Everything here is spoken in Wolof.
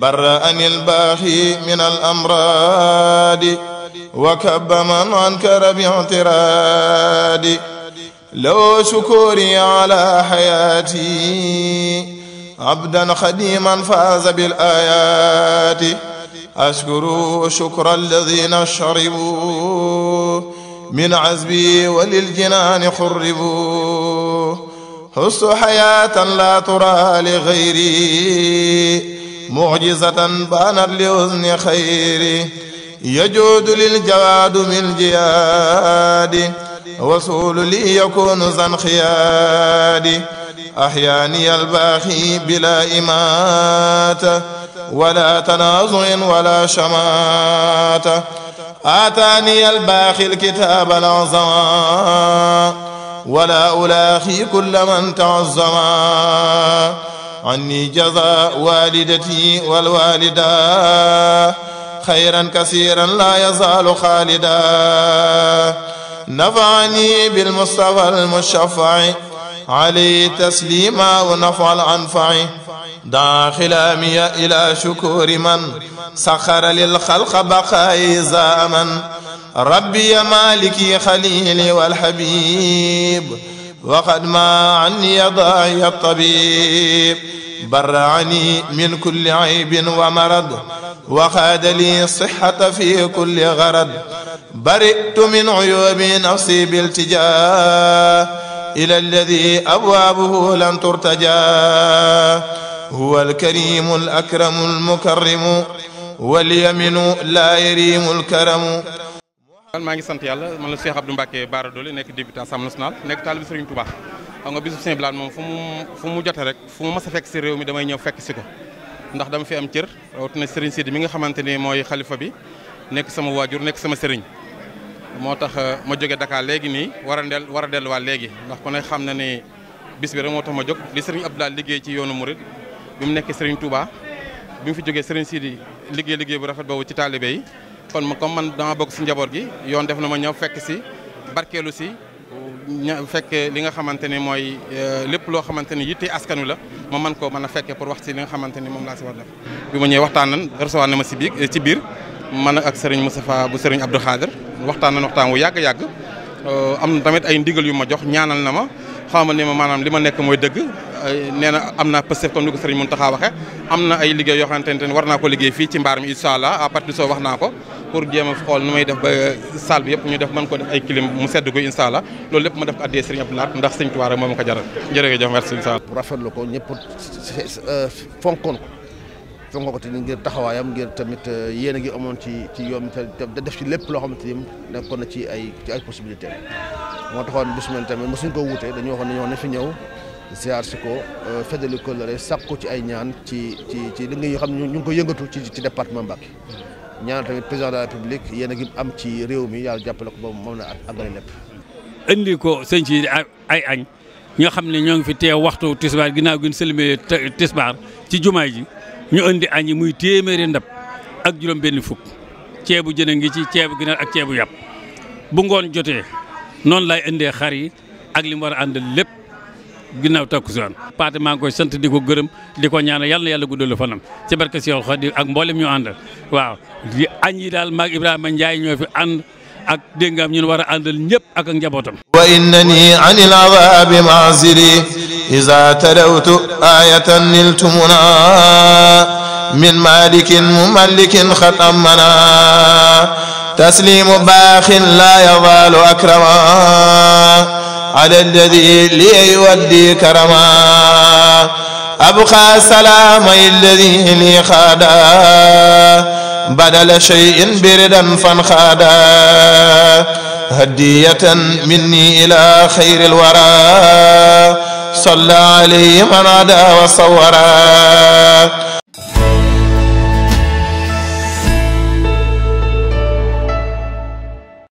برأني الباخي من الأمراض وكب من أنكر باعتراد لو شكوري على حياتي عبدا خديما فاز بالآيات أشكر شكر الذين شربوا من عزبي وللجنان خربوا حس حياة لا ترى لغيري mucjizatan baanat li husni xayri yajuudu lil jawaadu mil jiyaadi wasuulu li yakunu zan xiyaadi axyaani albaaxi bila imaata wala tanaazuin wala shamaata aataani albaaxi alkitaab alazama wala ulaaxi kulla man taazama anni jaza walidati wal walida xayran kasiran la yazalu xaalida nafaani bil mustafa al mushafa'i alayhi taslima wa nafa al anfa'i daaxilamiya ila shukuri man saxara lil xalqa baqaayi zaaman rabbiya maliki xalili wal habib وقد ما عني ضاعي الطبيب برعني من كل عيب ومرض وخاد لي صحة في كل غرض برئت من عيوب نفسي بالتجاه إلى الذي أبوابه لن ترتجى هو الكريم الأكرم المكرم واليمن لا يريم الكرم kon maa ngi sant yàlla man la Cheikh Abdou Mbacké Bara Dolly nekk député Assemblée nationale nekk taalibe Serigne Touba xam nga bisub saint moom fu mu jote rek fu mu mas a fekk si réew mi damay ñëw fekk si ko ndax dama fi am cër rawatina Serigne Sidi xamante ni mooy xalifa bi nekk sama waajur nekk sama sëriñ moo tax euh, ma jóge Dakar léegi nii war a del war a delluwaat léegi ndax ku ne xam na ni bis bi rek moo tax ma jóg li Serigne Abdoulaye liggéey ci yoonu Mouride bi mu nekkee Serigne Touba bi mu fi jógee Serigne Sidi liggéey liggéey kon comme man dama bokk si njaboot gi yoon def na ma ñëw fekk si barkeelu si ña fekkee li nga xamante ni mooy euh, lépp loo xamante ni yitte askanu la ma man koo mën a fekkee pour wax si li nga xamante ni moom laa si war def bi ma ñëwee waxtaan nan recevoir na ma si biir euh, ci biir man ak Serigne Moustapha bu Serigne Abdou Khader waxtaan nan waxtaan wu yàgg-yàgg euh, am na tamit ay ndigal yu ma jox ñaanal na ma xamal ma maanaam li ma nekk mooy dëgg nee na am naa pëstef comme ni ko sëriñ Mountakha am na ay liggéey yoo xamante ne war naa ko liggéey fii ci mbaar mi incha allah à soo wax naa ko pour jéem a xool nu may def ba salle bi yëpp ñu def mën mu sedd ko incha allah loolu lépp ma def ko addee sëriñ Abdou ko jaral jërëjëf merci incha allah. rafetlu ko ñëpp fonkoon ko taxawaayam ngir tamit euh, yéen a amoon ci ci yoon te def ci lépp loo xamante ni nekkoon na ci ay ci ay possibilité moo taxoon bis mel tamit mosuñ ko wuute dañu waxoon ne ñoo ne fi ñëw ziar ko euh, fëdeli ko lëre sàkk ci ay ñaan ci ci ci li nga xam ñu ngi ko yëngatu ci ci département Mbacké ñaan tamit président de la République yéen a ngi am ci réew mi yàlla jàppale ko ba moom na àggale lépp. indi ko sëñ si ay añ ñoo xam ne ñoo ngi fi teew waxtu tisbaar ginnaaw gi ñu sëlmee tisbaar ci jumaa ji ñu indi añ yi muy téeméeri ndab ak juróom benn fukk ceebu jën ngi ci ceebu ginaar ak ceebu yàpp bu ngoon jotee noonu lay indee xar yi ak li mu war a àndal lépp. ginnaaw takkusaan paate maa ngi koy sant di ko gërëm di ko ñaanal yàlla na yàlla guddalu fanam ci barke Seex Xaadim ak mboolem ñu àndal waaw añ daal maag Ibrahima Ndiaye ñoo fi ak déngaam ñun war a àndal ak ak wa innani an il azabi maasiri iza talawtu ayatan niltumuna min malikin mumalikin xat amana taslimu la yazalu akrama على الذي لي يودي كرما أبقى سلامي الذي لي خادا بدل شيء بردا فانخادا هدية مني إلى خير الورى صلى عليه من عدا وصورا